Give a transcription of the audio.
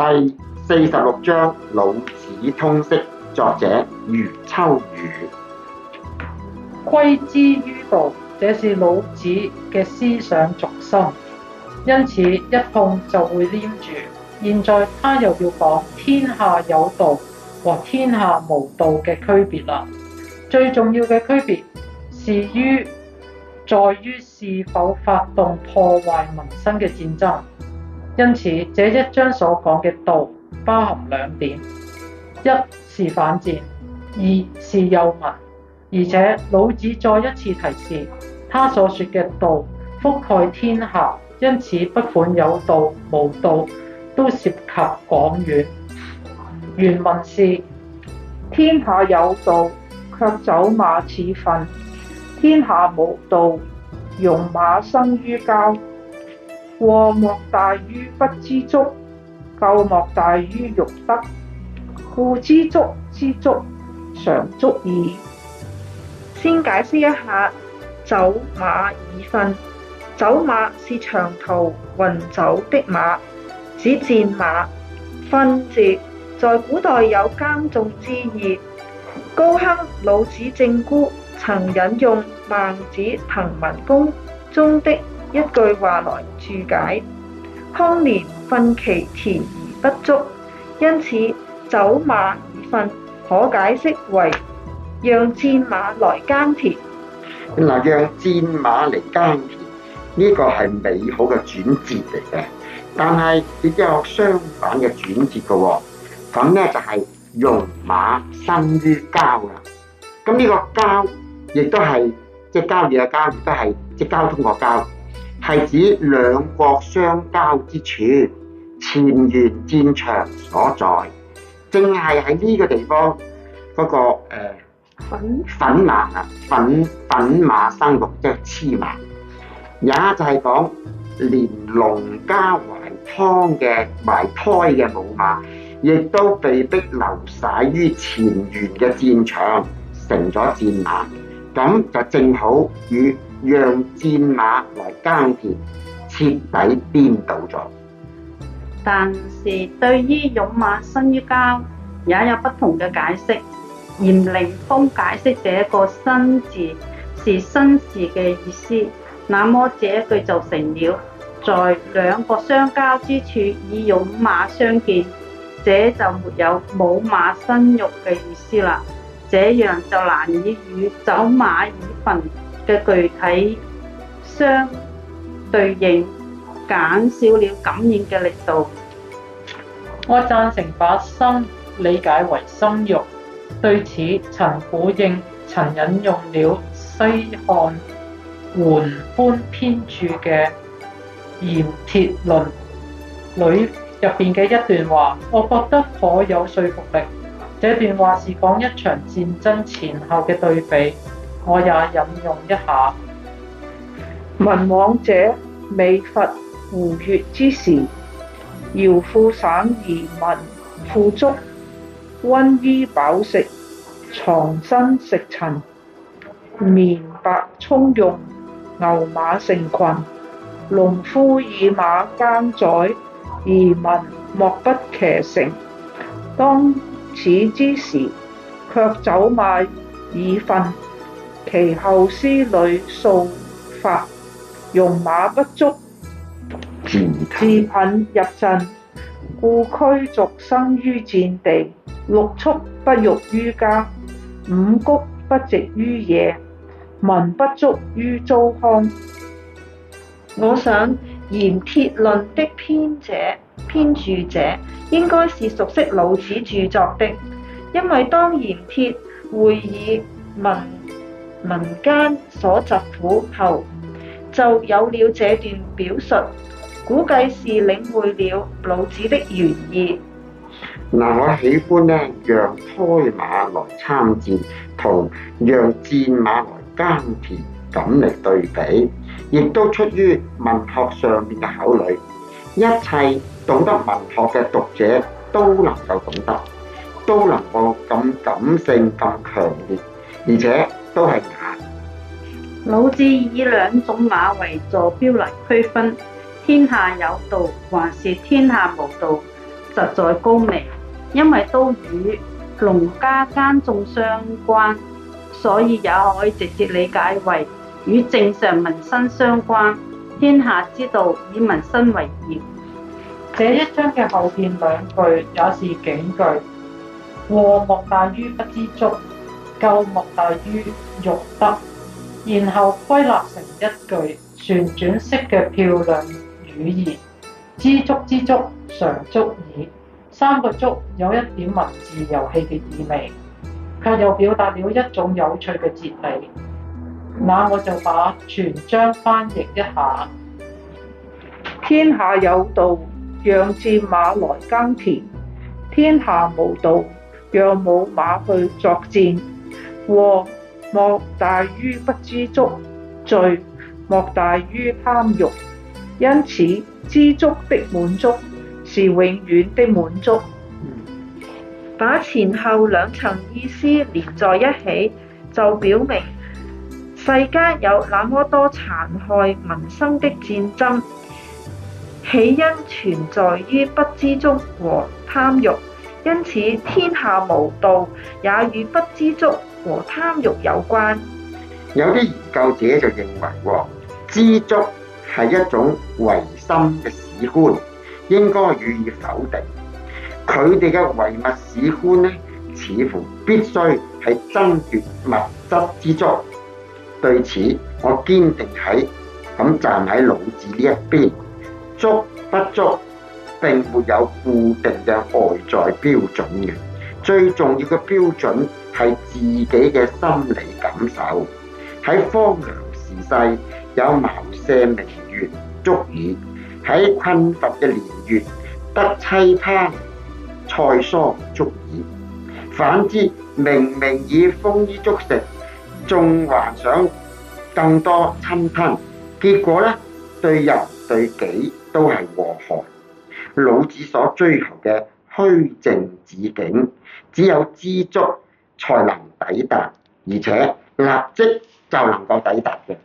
第四十六章《老子通釋》，作者余秋雨。歸之於道，這是老子嘅思想重心，因此一碰就會黏住。現在他又要講天下有道和天下無道嘅區別啦。最重要嘅區別是於在於是否發動破壞民生嘅戰爭。因此，這一章所講嘅道包含兩點，一是反戰，二是幼民。而且老子再一次提示，他所說嘅道覆蓋天下，因此不管有道無道，都涉及廣遠。原文是：天下有道，卻走馬似糞；天下無道，戎馬生於郊。禍莫大於不知足，咎莫大於欲得。故知足之足，常足矣。先解釋一下走馬以糞。走馬是長途運走的馬，指戰馬。糞字在古代有耕種之意。高亨《老子正詁》曾引用孟子滕文公中的一句話來註解：康年糞其田而不足，因此走馬以糞，可解釋為讓戰馬來耕田。嗱，讓戰馬嚟耕田呢個係美好嘅轉折嚟嘅，但係亦有相反嘅轉折嘅喎。咁咧就係戎馬生於郊啦。咁呢個郊亦都係即係交易嘅交，亦都係即係交通個交。係指兩國相交之處，前沿戰場所在，正係喺呢個地方，嗰、那個誒、呃、粉粉馬啊，粉粉馬生綠即黐馬，也就係講連農家懷湯嘅懷胎嘅母馬，亦都被逼流曬於前沿嘅戰場，成咗戰馬，咁就正好與。讓戰馬來耕田，徹底顛倒咗。但是對於“勇馬身於交”也有不同嘅解釋。嚴靈峰解釋這個新“身”字是“身”字嘅意思，那麼這句就成了在兩國相交之處以勇馬相見，這就沒有“冇馬生育”嘅意思啦。這樣就難以與“走馬以糞”。嘅具體相對應減少了感染嘅力度。我贊成把心理解為心肉，對此陳鼓應曾引用了西漢桓寬編著嘅《鹽鐵論》裏入邊嘅一段話，我覺得可有說服力。這段話是講一場戰爭前後嘅對比。我也引用一下：文往者，未伐胡越之時，徭賦省而民富足，溫衣飽食，藏新食陳，棉帛充用，牛馬成群，農夫以馬耕載，而民莫不騎乘。當此之時，卻走馬以糞。其後師旅數發，戎馬不足，自品入陣，故駒犢生於戰地，六畜不育於家，五穀不植於野，民不足於糟糠。我想《鹽鐵論》的編者、編著者應該是熟悉老子著作的，因為當鹽鐵會以文。民間所疾苦後，就有了這段表述，估計是領會了老子的原意。嗱，我喜歡呢「讓胎馬來參戰」同「讓戰馬來耕田」咁嚟對比，亦都出於文學上面嘅考慮。一切懂得文學嘅讀者都能夠懂得，都能夠咁感性咁強烈，而且。都老子以兩種馬為坐標嚟區分天下有道還是天下無道，實在高明。因為都與農家耕種相關，所以也可以直接理解為與正常民生相關。天下之道以民生為業。這一章嘅後邊兩句也是警句：禍莫大於不知足。夠莫大於欲得，然後歸納成一句旋轉式嘅漂亮語言：知足知足常足矣。三個足有一點文字遊戲嘅意味，卻又表達了一種有趣嘅哲理。那我就把全章翻譯一下：天下有道，讓戰馬來耕田；天下無道，讓母馬去作戰。禍莫大於不知足，罪莫大於貪欲。因此，知足的滿足是永遠的滿足。把前後兩層意思連在一起，就表明世間有那麼多殘害民生的戰爭，起因存在於不知足和貪欲。因此，天下無道也與不知足和貪慾有關。有啲研究者就認為，知足係一種唯心嘅史觀，應該予以否定。佢哋嘅唯物史觀呢，似乎必須係爭奪物質之足。對此，我堅定喺咁站喺老子呢一邊，足不足？並沒有固定嘅外在標準嘅，最重要嘅標準係自己嘅心理感受。喺荒涼時勢有茅舍明月足矣；喺困乏嘅年月得妻攤菜蔬足矣。反之，明明已豐衣足食，仲幻想更多親親，結果咧，對人對己都係禍害。老子所追求嘅虛靜止境，只有知足才能抵達，而且立即就能夠抵達嘅。